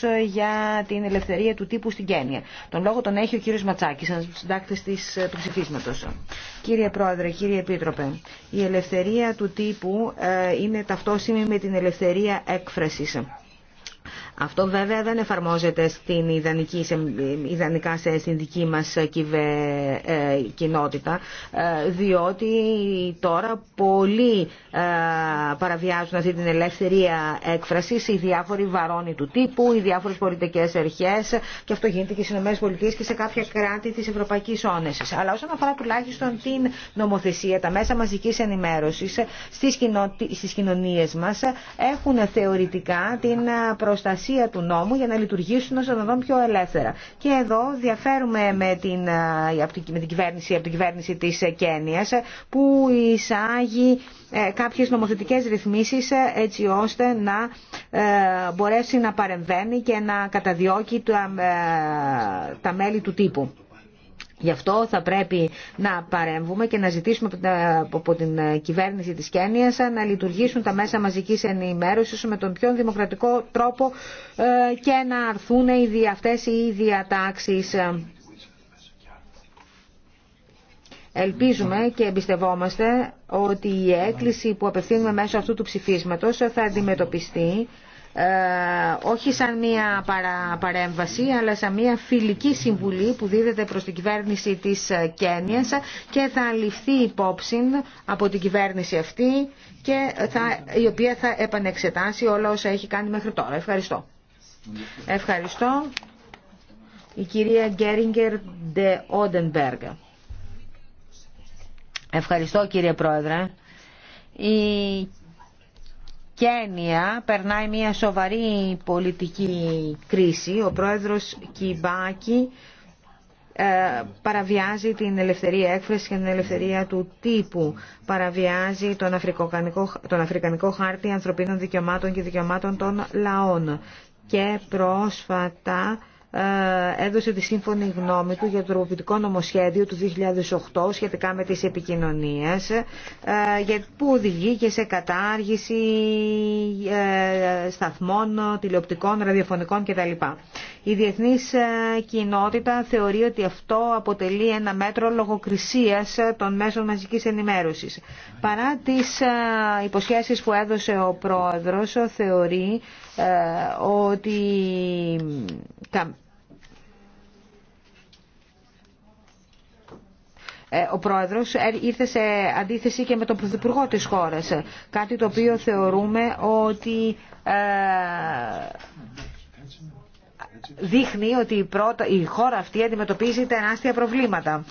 Ε, για την ελευθερία του τύπου στην Κένια. Τον λόγο τον έχει ο κύριο Ματσάκη, σαν συντάκτη ε, του ψηφίσματο. Κύριε Πρόεδρε, κύριε Επίτροπε, η ελευθερία του τύπου ε, είναι ταυτόσιμη με την ελευθερία έκφραση. Αυτό βέβαια δεν εφαρμόζεται στην ιδανική, σε, ιδανικά σε, στην δική μας ε, κοινότητα, ε, διότι τώρα πολλοί ε, παραβιάζουν αυτή την ελευθερία ε, έκφραση οι διάφοροι βαρώνοι του τύπου, οι διάφορες πολιτικές αρχές και αυτό γίνεται και στις ΗΠΑ και σε κάποια κράτη της Ευρωπαϊκής Όνεσης. Αλλά όσον αφορά τουλάχιστον την νομοθεσία, τα μέσα μαζικής ενημέρωσης στις, κοινο, στις μας έχουν θεωρητικά την προστασία ουσία του νόμου για να λειτουργήσουν όσο οδοδόν πιο ελεύθερα. Και εδώ διαφέρουμε με την, με την κυβέρνηση, από την κυβέρνηση της Κένιας που εισάγει ε, κάποιες νομοθετικές ρυθμίσεις ε, έτσι ώστε να ε, μπορέσει να παρεμβαίνει και να καταδιώκει τα μέλη του τύπου. Γι' αυτό θα πρέπει να παρέμβουμε και να ζητήσουμε από την ε, κυβέρνηση της Κένιας να λειτουργήσουν τα μέσα μαζικής ενημέρωσης με τον πιο δημοκρατικό τρόπο ε, και να αρθούν οι αυτές οι διατάξεις. Ελπίζουμε και εμπιστευόμαστε ότι η έκκληση που απευθύνουμε μέσω αυτού του ψηφίσματος θα αντιμετωπιστεί ε, όχι σαν μία παρέμβαση αλλά σαν μία φιλική συμβουλή που δίδεται προς την κυβέρνηση της ε, Κένιας και θα ληφθεί υπόψη από την κυβέρνηση αυτή και θα, η οποία θα επανεξετάσει όλα όσα έχει κάνει μέχρι τώρα. Ευχαριστώ. Ευχαριστώ. Η κυρία Γκέριγκερ Ντε Όντενμπεργκ. Ευχαριστώ κύριε Πρόεδρε. Η Κένια περνάει μια σοβαρή πολιτική κρίση. Ο πρόεδρος Κιμπάκη ε, παραβιάζει την ελευθερία έκφραση και την ελευθερία του τύπου. Παραβιάζει τον Αφρικανικό, τον Αφρικανικό χάρτη ανθρωπίνων δικαιωμάτων και δικαιωμάτων των λαών. Και πρόσφατα ε, έδωσε τη σύμφωνη γνώμη του για το τροποποιητικό νομοσχέδιο του 2008 σχετικά με τις επικοινωνίες ε, που οδηγεί και σε κατάργηση ε, σταθμών, τηλεοπτικών, ραδιοφωνικών κτλ. Η διεθνής κοινότητα θεωρεί ότι αυτό αποτελεί ένα μέτρο λογοκρισίας των μέσων μαζικής ενημέρωσης. Παρά τις υποσχέσεις που έδωσε ο πρόεδρος, θεωρεί ε, ότι ε, ο πρόεδρος ε, ήρθε σε αντίθεση και με τον πρωθυπουργό της χώρας. Κάτι το οποίο θεωρούμε ότι δείχνει ότι η χώρα αυτή αντιμετωπίζει τεράστια προβλήματα.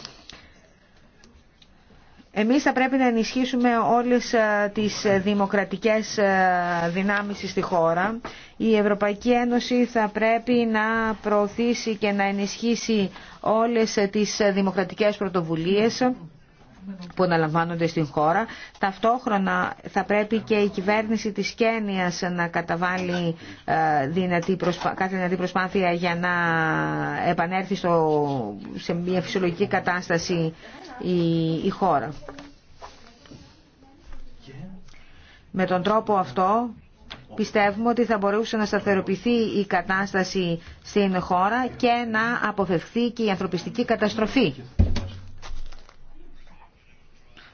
Εμείς θα πρέπει να ενισχύσουμε όλες ε, τις ε, δημοκρατικές ε, δυνάμεις στη χώρα. Η Ευρωπαϊκή Ένωση θα πρέπει να προωθήσει και να ενισχύσει όλες τις δημοκρατικές πρωτοβουλίες που αναλαμβάνονται στην χώρα. Ταυτόχρονα θα πρέπει και η κυβέρνηση της Κένιας να καταβάλει ε, δυνατή κάθε δυνατή προσπάθεια για να επανέλθει στο... σε μια φυσιολογική κατάσταση η... η χώρα. Με τον τρόπο αυτό πιστεύουμε ότι θα μπορούσε να σταθεροποιηθεί η κατάσταση στην χώρα και να αποφευθεί και η ανθρωπιστική καταστροφή.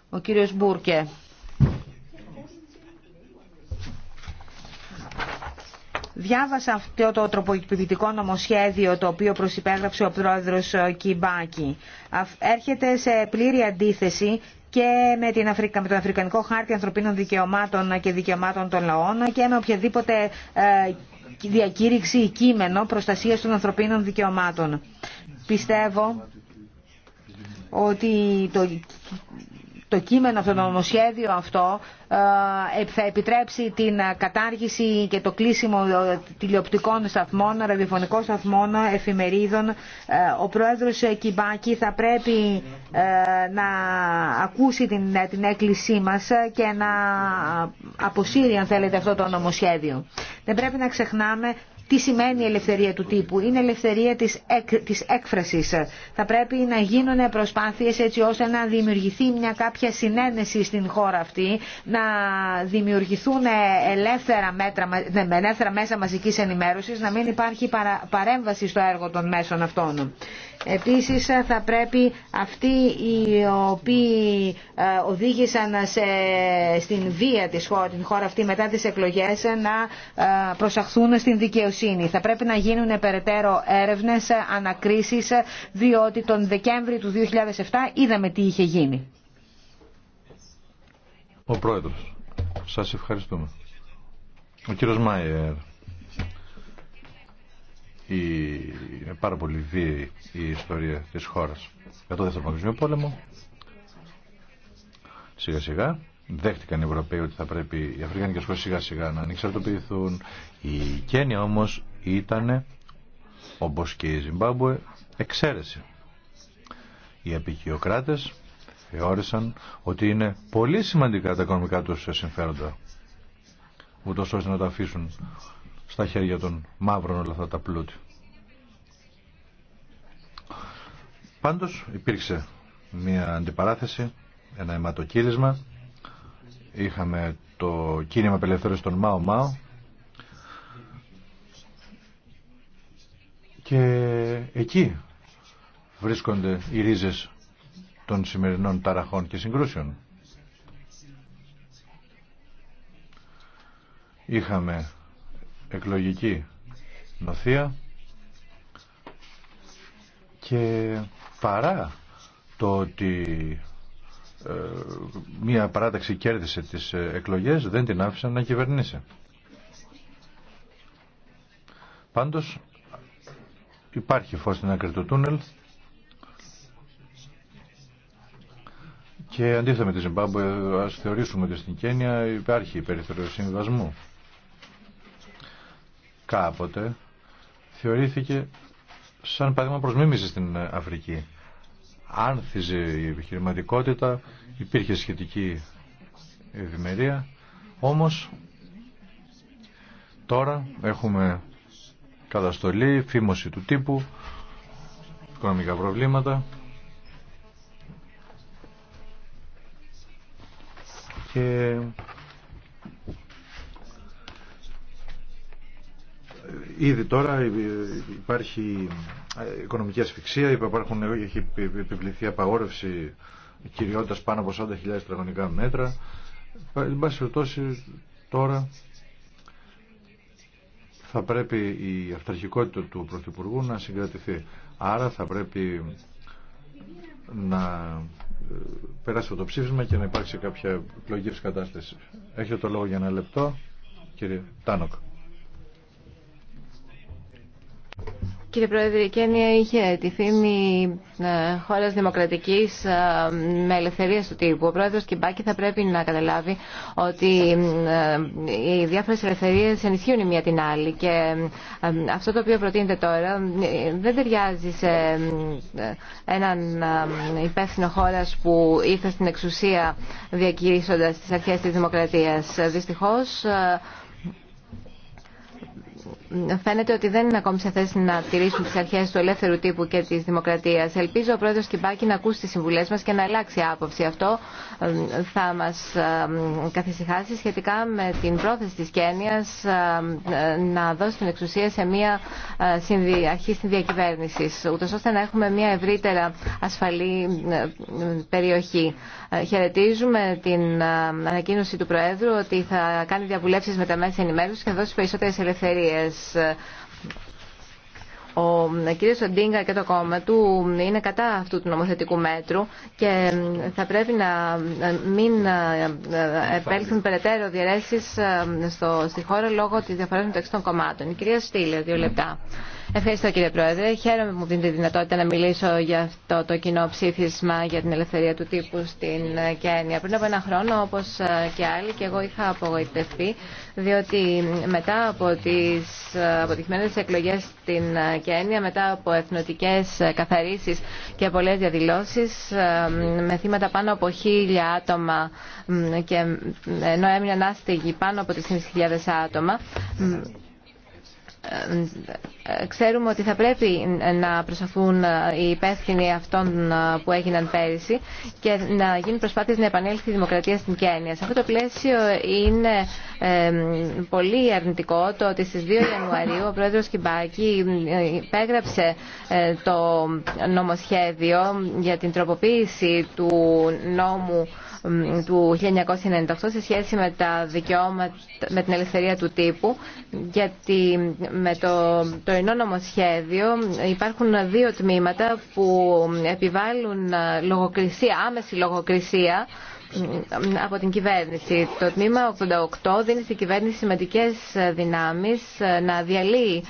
Ο κύριος Μπούρκε. Διάβασα αυτό το τροποποιητικό νομοσχέδιο το οποίο προσυπέγραψε ο πρόεδρος ε, Κιμπάκη. Έρχεται σε πλήρη αντίθεση και με, την Αφρικα, με τον Αφρικανικό Χάρτη Ανθρωπίνων Δικαιωμάτων και Δικαιωμάτων των Λαών και με οποιαδήποτε ε, διακήρυξη ή κείμενο προστασίας των ανθρωπίνων δικαιωμάτων. Πιστεύω ότι το, το κείμενο αυτό, το νομοσχέδιο αυτό ε, θα επιτρέψει την κατάργηση και το κλείσιμο ε, τηλεοπτικών σταθμών, ραδιοφωνικών σταθμών, εφημερίδων. Ε, ο πρόεδρος Κιμπάκη θα πρέπει να ακούσει την, την έκκλησή μας και να αποσύρει αν θέλετε αυτό το νομοσχέδιο. Δεν πρέπει να ξεχνάμε τι σημαίνει η ελευθερία του τύπου. Είναι ελευθερία της, εκ, της έκφρασης. Θα πρέπει να γίνουν προσπάθειες έτσι ώστε να δημιουργηθεί μια κάποια συνένεση στην χώρα αυτή, να δημιουργηθούν ελεύθερα, μέτρα, ελεύθερα μέσα μαζικής ενημέρωσης, να μην υπάρχει παρέμβαση στο έργο των μέσων αυτών. Επίσης θα πρέπει αυτοί οι οποίοι ε, οδήγησαν σε, στην βία της χώρα, την χώρα αυτή μετά τις εκλογές να ε, προσαχθούν στην δικαιοσύνη. Θα πρέπει να γίνουν περαιτέρω έρευνες, ανακρίσεις, διότι τον Δεκέμβρη του 2007 είδαμε τι είχε γίνει. Ο Πρόεδρος, σας ευχαριστούμε. Ο κύριος Μάιερ η, είναι πάρα πολύ βίαιη η ιστορία της χώρας για το δεύτερο παγκοσμίο πόλεμο σιγά σιγά δέχτηκαν οι Ευρωπαίοι ότι θα πρέπει οι Αφρικανικές χώρες σιγά σιγά να ανεξαρτοποιηθούν η Κένια όμως ήταν όπως και η Ζιμπάμπουε εξαίρεση οι επικοιοκράτες θεώρησαν ότι είναι πολύ σημαντικά τα οικονομικά τους συμφέροντα ούτως ώστε να τα αφήσουν στα χέρια των μαύρων όλα αυτά τα πλούτη. Πάντως υπήρξε μια αντιπαράθεση, ένα αιματοκύρισμα. Είχαμε το κίνημα απελευθέρωση των Μάο Μάο και εκεί βρίσκονται οι ρίζες των σημερινών ταραχών και συγκρούσεων. Είχαμε εκλογική νοθεία και παρά το ότι ε, μία παράταξη κέρδισε τις ε, εκλογές δεν την άφησαν να κυβερνήσει. Πάντως υπάρχει φως στην άκρη του τούνελ και αντίθετα με τη Ζιμπάμπου ας θεωρήσουμε ότι στην Κένια υπάρχει περιθώριο συμβασμού κάποτε θεωρήθηκε σαν παράδειγμα προς στην Αφρική. Άνθιζε η επιχειρηματικότητα, υπήρχε σχετική ευημερία, όμως τώρα έχουμε καταστολή, φήμωση του τύπου, οικονομικά προβλήματα και Ήδη τώρα υπάρχει ε, οικονομική ασφυξία, υπάρχουν, ε, έχει επιβληθεί απαγόρευση κυριότητας πάνω από 40.000 τετραγωνικά μέτρα. Εν πάση τώρα θα πρέπει η αυταρχικότητα του Πρωθυπουργού να συγκρατηθεί. Άρα θα πρέπει να ε, περάσει το ψήφισμα και να υπάρξει κάποια εκλογική κατάσταση. Έχετε το λόγο για ένα λεπτό, κύριε Τάνοκ. Κύριε Πρόεδρε, η Κένια είχε τη φήμη ε, χώρας δημοκρατικής ε, με ελευθερία του τύπου. Ο πρόεδρος Κιμπάκη θα πρέπει να καταλάβει ότι ε, οι διάφορες ελευθερίες ενισχύουν η μία την άλλη και αυτό το οποίο προτείνεται τώρα δεν ταιριάζει σε έναν υπεύθυνο χώρας που ήρθε στην εξουσία διακηρύσσοντας τις αρχές της δημοκρατίας. Δυστυχώ, φαίνεται ότι δεν είναι ακόμη σε θέση να τηρήσουν τι αρχέ του ελεύθερου τύπου και τη Δημοκρατία. Ελπίζω ο πρόεδρος Κιμπάκη να ακούσει τι συμβουλέ μα και να αλλάξει άποψη. Αυτό θα μα καθησυχάσει σχετικά με την πρόθεση τη Κένια να δώσει την εξουσία σε μια ε, αρχή στην διακυβέρνηση, ούτω ώστε να έχουμε μια ευρύτερα ασφαλή περιοχή. Ε, χαιρετίζουμε την ε, ανακοίνωση του Προέδρου ότι θα κάνει διαβουλεύσεις με τα μέσα ενημέρωση και θα δώσει περισσότερε ελευθερίε. Ο ε, κ. Σοντίνγκα και το κόμμα του είναι κατά αυτού του νομοθετικού μέτρου και ε, θα πρέπει να ε, μην επέλθουν περαιτέρω διαιρέσεις στη χώρα λόγω της διαφοράς μεταξύ των κομμάτων. Η κυρία Στήλε, δύο λεπτά. Ευχαριστώ κύριε Πρόεδρε. Χαίρομαι που μου δίνετε τη δυνατότητα να μιλήσω για αυτό το κοινό ψήφισμα για την ελευθερία του τύπου στην Κένια. Πριν από ένα χρόνο, όπω και άλλοι, και εγώ είχα απογοητευτεί, διότι μετά από τι αποτυχημένε εκλογέ στην Κένια, μετά από εθνοτικέ καθαρίσει και πολλέ διαδηλώσει, με θύματα πάνω από χίλια άτομα και ενώ έμειναν άστεγοι πάνω από 3.000 άτομα, ε, ξέρουμε ότι θα πρέπει να προσαφούν ε, οι υπεύθυνοι αυτών ε, που έγιναν πέρυσι και να γίνουν προσπάθειες να επανέλθει η δημοκρατία στην Κένια. Σε αυτό το πλαίσιο είναι πολύ αρνητικό το ότι στις 2 Ιανουαρίου ο πρόεδρος Κιμπάκη υπέγραψε το νομοσχέδιο για την τροποποίηση του νόμου του 1998 σε σχέση με τα δικαιώματα, με την ελευθερία του τύπου, γιατί με το τωρινό νομοσχέδιο υπάρχουν δύο τμήματα που επιβάλλουν λογοκρισία, άμεση λογοκρισία από την κυβέρνηση. Το τμήμα 88 δίνει στην κυβέρνηση σημαντικές δυνάμεις να διαλύει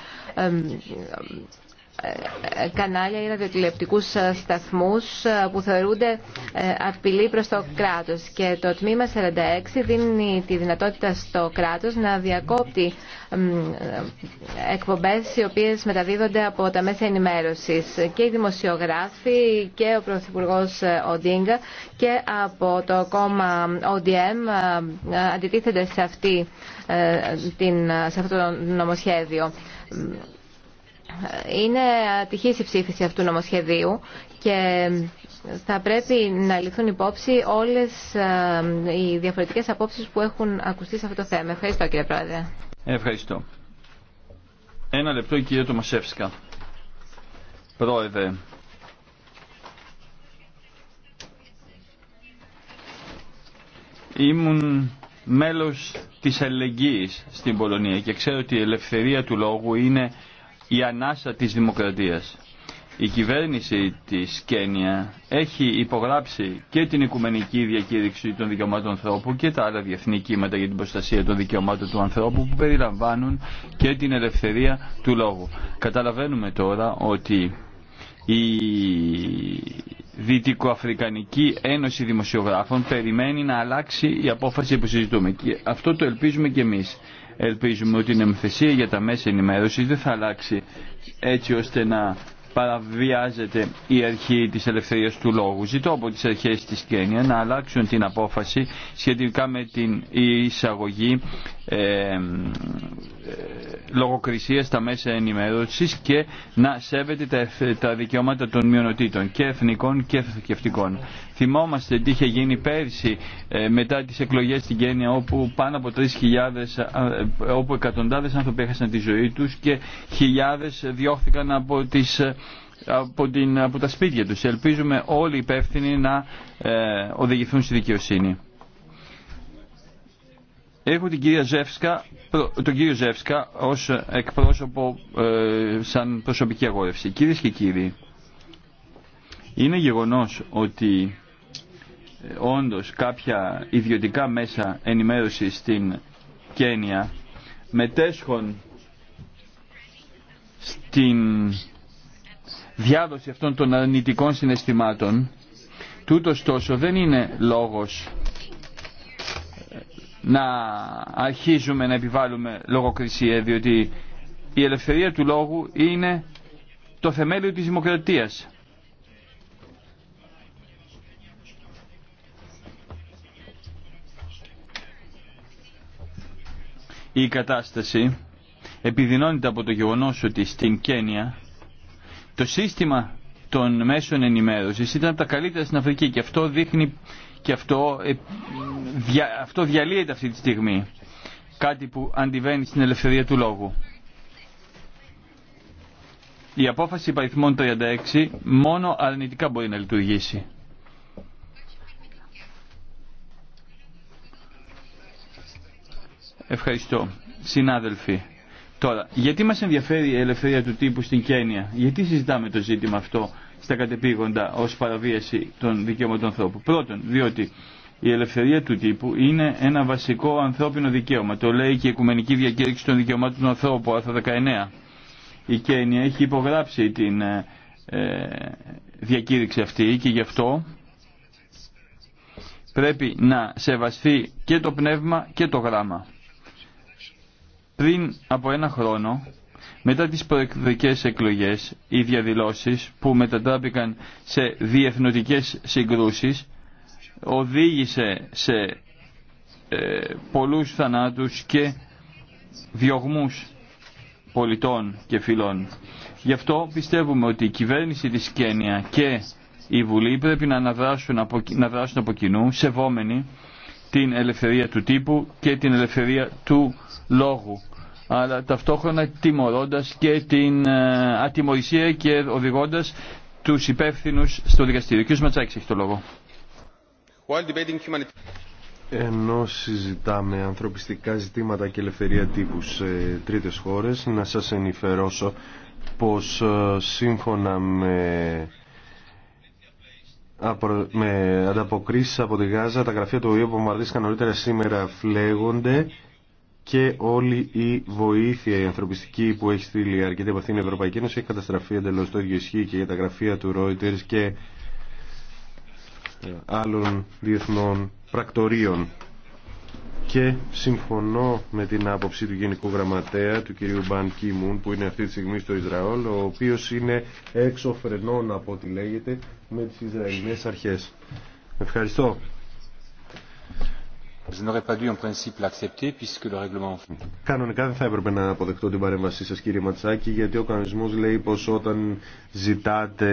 κανάλια ή ραδιοτηλεπτικούς σταθμούς που θεωρούνται ε, απειλή προς το κράτος και το τμήμα 46 δίνει τη δυνατότητα στο κράτος να διακόπτει εκπομπές οι οποίες μεταδίδονται από τα μέσα ενημέρωσης και οι δημοσιογράφοι και ο Πρωθυπουργός Οντίνγκα και από το κόμμα ODM ε, αντιτίθεται σε, αυτή, ε, σε αυτό το νομοσχέδιο είναι ατυχή η ψήφιση αυτού νομοσχεδίου και θα πρέπει να ληφθούν υπόψη όλες ε, οι διαφορετικές απόψεις που έχουν ακουστεί σε αυτό το θέμα. Ευχαριστώ κύριε Πρόεδρε. Ευχαριστώ. Ένα λεπτό η κυρία Πρόεδρε. Ήμουν μέλος της αλληλεγγύης στην Πολωνία και ξέρω ότι η ελευθερία του λόγου είναι η ανάσα της δημοκρατίας. Η κυβέρνηση της Κένια έχει υπογράψει και την Οικουμενική Διακήρυξη των Δικαιωμάτων Ανθρώπου και τα άλλα διεθνή κύματα για την προστασία των δικαιωμάτων του ανθρώπου που περιλαμβάνουν και την ελευθερία του λόγου. Καταλαβαίνουμε τώρα ότι η Δυτικοαφρικανική Ένωση Δημοσιογράφων περιμένει να αλλάξει η απόφαση που συζητούμε. Και αυτό το ελπίζουμε και εμείς. Ελπίζουμε ότι η νομοθεσία για τα μέσα ενημέρωσης δεν θα αλλάξει έτσι ώστε να παραβιάζεται η αρχή της ελευθερίας του λόγου. Ζητώ από τις αρχές της Κένια να αλλάξουν την απόφαση σχετικά με την εισαγωγή ε, λογοκρισία στα μέσα ενημέρωσης και να σέβεται τα, τα δικαιώματα των μειονοτήτων και εθνικών και θρησκευτικών. Θυμόμαστε τι είχε γίνει πέρσι ε, μετά τις εκλογές στην Κένια όπου πάνω από 3.000, ε, όπου εκατοντάδες άνθρωποι έχασαν τη ζωή τους και χιλιάδες διώχθηκαν από τις ε, από, την, από τα σπίτια τους. Ελπίζουμε όλοι οι υπεύθυνοι να οδηγηθούν στη δικαιοσύνη. Έχω την κυρία Ζεύσκα, τον κύριο Ζεύσκα ως εκπρόσωπο σαν προσωπική αγόρευση. Κυρίε και κύριοι, είναι γεγονός ότι όντως κάποια ιδιωτικά μέσα ενημέρωση στην Κένια μετέσχον στην διάδοση αυτών των αρνητικών συναισθημάτων τούτο τόσο δεν είναι λόγος ε, να αρχίζουμε να επιβάλλουμε λογοκρισία διότι η ελευθερία του λόγου είναι το θεμέλιο της δημοκρατίας Η κατάσταση επιδεινώνεται από το γεγονός ότι στην Κένια το σύστημα των μέσων ενημέρωσης ήταν από τα καλύτερα στην Αφρική και αυτό δείχνει και αυτό, ε, δια, αυτό διαλύεται αυτή τη στιγμή. Κάτι που αντιβαίνει στην ελευθερία του λόγου. Η απόφαση παριθμών 36 μόνο αρνητικά μπορεί να λειτουργήσει. Ευχαριστώ. Συνάδελφοι, τώρα, γιατί μας ενδιαφέρει η ελευθερία του τύπου στην Κένια, γιατί συζητάμε το ζήτημα αυτό στα κατεπήγοντα ως παραβίαση των δικαιωμάτων ανθρώπου. Πρώτον, διότι η ελευθερία του τύπου είναι ένα βασικό ανθρώπινο δικαίωμα. Το λέει και η Οικουμενική Διακήρυξη των Δικαιωμάτων του Ανθρώπου, άρθρο 19. Η Κένια έχει υπογράψει την ε, ε, διακήρυξη αυτή και γι' αυτό πρέπει να σεβαστεί και το πνεύμα και το γράμμα. Πριν από ένα χρόνο, μετά τις προεκδικές εκλογές, οι διαδηλώσεις που μετατράπηκαν σε διεθνωτικές συγκρούσεις οδήγησε σε ε, πολλούς θανάτους και διωγμούς πολιτών και φιλών. Γι' αυτό πιστεύουμε ότι η κυβέρνηση της Κένια και η Βουλή πρέπει να, αναδράσουν να δράσουν από κοινού σεβόμενοι την ελευθερία του τύπου και την ελευθερία του λόγου αλλά ταυτόχρονα τιμωρώντας και την ε, ατιμορρυσία και οδηγώντας του υπεύθυνους στο δικαστήριο. Κύριος Ματσάκης έχει το λόγο. Ενώ συζητάμε ανθρωπιστικά ζητήματα και ελευθερία τύπου σε τρίτες χώρες, να σας ενημερώσω πως ε, σύμφωνα με με ανταποκρίσεις από τη Γάζα τα γραφεία του ΟΗΕ που νωρίτερα σήμερα φλέγονται και όλη η βοήθεια η ανθρωπιστική που έχει στείλει αρκετή από αυτήν την Ευρωπαϊκή Ένωση έχει καταστραφεί εντελώ. Το ίδιο ισχύει και για τα γραφεία του Reuters και ε, άλλων διεθνών πρακτορείων. Και συμφωνώ με την άποψη του Γενικού Γραμματέα, του κυρίου Μπαν Κίμουν, που είναι αυτή τη στιγμή στο Ισραήλ, ο οποίος είναι έξω φρενών από ό,τι λέγεται με τις Ισραηλινές αρχές. Ευχαριστώ. Κανονικά δεν θα έπρεπε να αποδεχτώ την παρέμβασή σα, κύριε Ματσάκη γιατί ο κανονισμό λέει πω όταν ζητάτε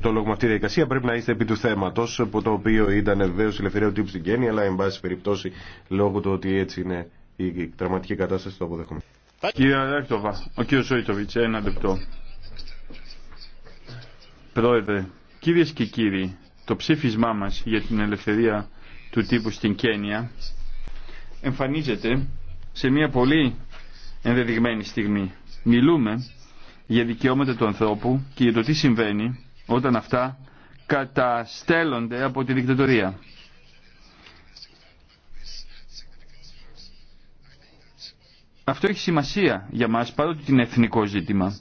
το λόγο με αυτή τη διαδικασία πρέπει να είστε επί του θέματο, από το οποίο ήταν η ελευθερία του τύπου στην Κέννη αλλά εν πάση περιπτώσει λόγω του ότι έτσι είναι η τραυματική κατάσταση το αποδέχομαι. Κύριε Αρέκτοβα, ο κύριος ένα λεπτό. Πρόεδρε, κυρίες και κύριοι, το ψήφισμά μας για την ελευθερία του τύπου στην Κένια εμφανίζεται σε μια πολύ ενδεδειγμένη στιγμή. Μιλούμε για δικαιώματα του ανθρώπου και για το τι συμβαίνει όταν αυτά καταστέλλονται από τη δικτατορία. Αυτό έχει σημασία για μας παρότι είναι εθνικό ζήτημα.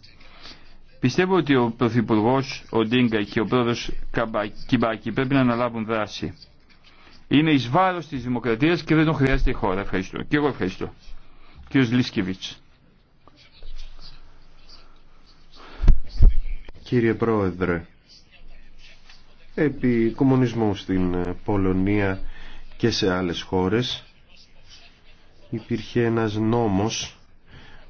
Πιστεύω ότι ο Πρωθυπουργός ο Ντίνκα και ο πρόεδρος Κιμπάκη πρέπει να αναλάβουν δράση είναι εις βάρος της δημοκρατίας και δεν τον χρειάζεται η χώρα. Ευχαριστώ. Και εγώ ευχαριστώ. Κύριος Λίσκεβιτς. Κύριε Πρόεδρε, επί κομμουνισμού στην Πολωνία και σε άλλες χώρες υπήρχε ένας νόμος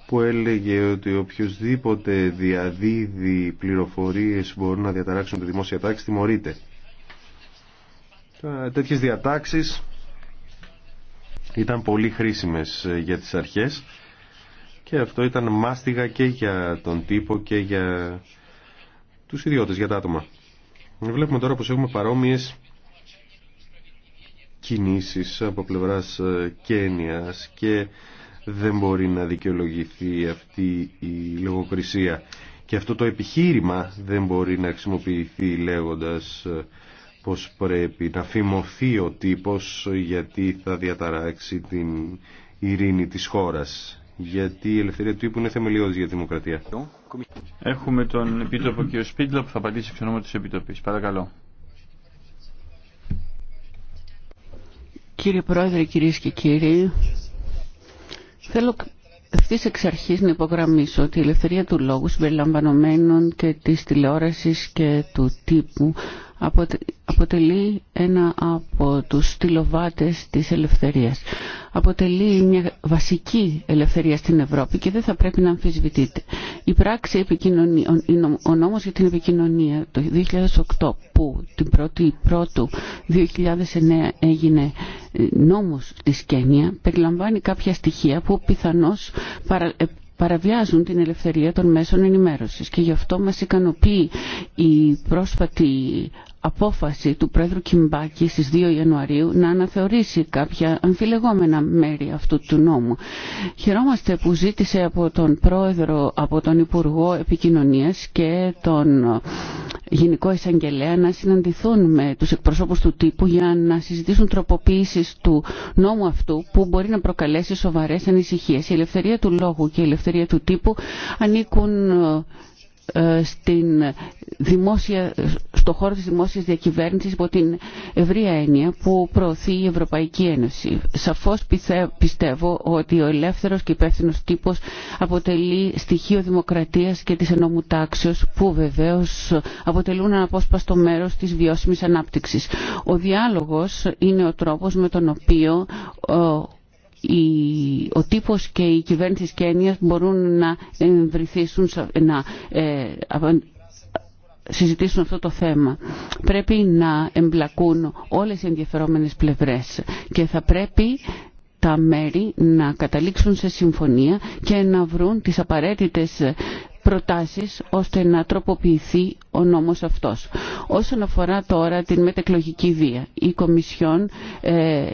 που έλεγε ότι οποιοδήποτε διαδίδει πληροφορίες που μπορούν να διαταράξουν τη δημόσια τάξη τιμωρείται. Ε, τέτοιες διατάξεις ήταν πολύ χρήσιμες ε, για τις αρχές και αυτό ήταν μάστιγα και για τον τύπο και για τους ιδιώτες, για τα άτομα. Βλέπουμε τώρα πως έχουμε παρόμοιες κινήσεις από πλευράς ε, Κένιας και δεν μπορεί να δικαιολογηθεί αυτή η λογοκρισία. Και αυτό το επιχείρημα δεν μπορεί να χρησιμοποιηθεί λέγοντας πως πρέπει να φημωθεί ο τύπος γιατί θα διαταράξει την ειρήνη της χώρας. Γιατί η ελευθερία του τύπου είναι θεμελιώδης για τη δημοκρατία. Έχουμε τον Επίτροπο κ. Σπίτλο που θα απαντήσει εξ ονόματος της Επιτροπής. Παρακαλώ. Κύριε Πρόεδρε, κυρίες και κύριοι, θέλω Ευθύ εξ αρχή να υπογραμμίσω ότι η ελευθερία του λόγου συμπεριλαμβανομένων και τη τηλεόραση και του τύπου αποτελεί ένα από τους στυλοβάτες της ελευθερίας. Αποτελεί μια βασική ελευθερία στην Ευρώπη και δεν θα πρέπει να αμφισβητείται. Η πράξη επικοινωνία, ο νόμος για την επικοινωνία το 2008 που την 1η πρώτου 2009 έγινε ε, νόμος της Κένια περιλαμβάνει κάποια στοιχεία που πιθανώς παρα, ε, παραβιάζουν την ελευθερία των μέσων ενημέρωσης και γι' αυτό μας ικανοποιεί η πρόσφατη απόφαση του Πρόεδρου Κιμπάκη στις 2 Ιανουαρίου να αναθεωρήσει κάποια αμφιλεγόμενα μέρη αυτού του νόμου. Χαιρόμαστε που ζήτησε από τον Πρόεδρο, από τον Υπουργό Επικοινωνίας και τον Γενικό Εισαγγελέα να συναντηθούν με τους εκπροσώπους του τύπου για να συζητήσουν τροποποίησεις του νόμου αυτού που μπορεί να προκαλέσει σοβαρές ανησυχίες. Η ελευθερία του λόγου και η ελευθερία του τύπου ανήκουν ε, ε, στην δημόσια, στο χώρο της δημόσιας διακυβέρνησης υπό την ευρία έννοια που προωθεί η Ευρωπαϊκή Ένωση. Σαφώς πιστεύω ότι ο ελεύθερος και υπεύθυνο τύπος αποτελεί στοιχείο δημοκρατίας και της ενόμου τάξεως που βεβαίως αποτελούν αναπόσπαστο μέρος της βιώσιμης ανάπτυξης. Ο διάλογος είναι ο τρόπος με τον οποίο ε, ο τύπος και η κυβέρνηση της Κένιας μπορούν να ε, να ε, συζητήσουν αυτό το θέμα. Πρέπει να εμπλακούν όλες οι ενδιαφερόμενες πλευρές και θα πρέπει τα μέρη να καταλήξουν σε συμφωνία και να βρουν τις απαραίτητες προτάσεις ώστε να τροποποιηθεί ο νόμος αυτός. Όσον αφορά τώρα την μετεκλογική βία, η Κομισιόν ε,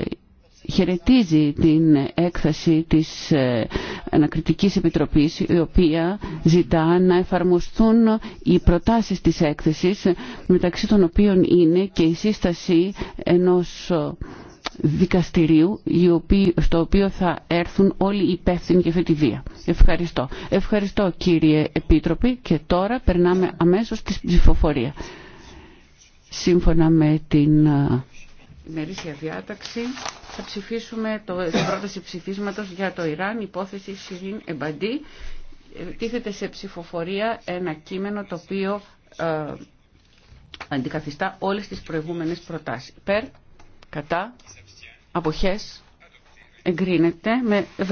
χαιρετίζει την έκθεση της ε, Ανακριτικής Επιτροπής η οποία ζητά να εφαρμοστούν οι προτάσεις της έκθεσης μεταξύ των οποίων είναι και η σύσταση ενός δικαστηρίου στο οποίο θα έρθουν όλοι οι υπεύθυνοι για αυτή τη βία. Ευχαριστώ. Ευχαριστώ κύριε Επίτροπη και τώρα περνάμε αμέσως στη ψηφοφορία. Σύμφωνα με την ε, ημερήσια διάταξη θα ψηφίσουμε το, την πρόταση ψηφίσματος για το Ιράν, υπόθεση Σιρήν Εμπαντή. Ε, τίθεται σε ψηφοφορία ένα κείμενο το οποίο ε, αντικαθιστά όλες τις προηγούμενες προτάσεις. Περ, κατά, αποχές, εγκρίνεται με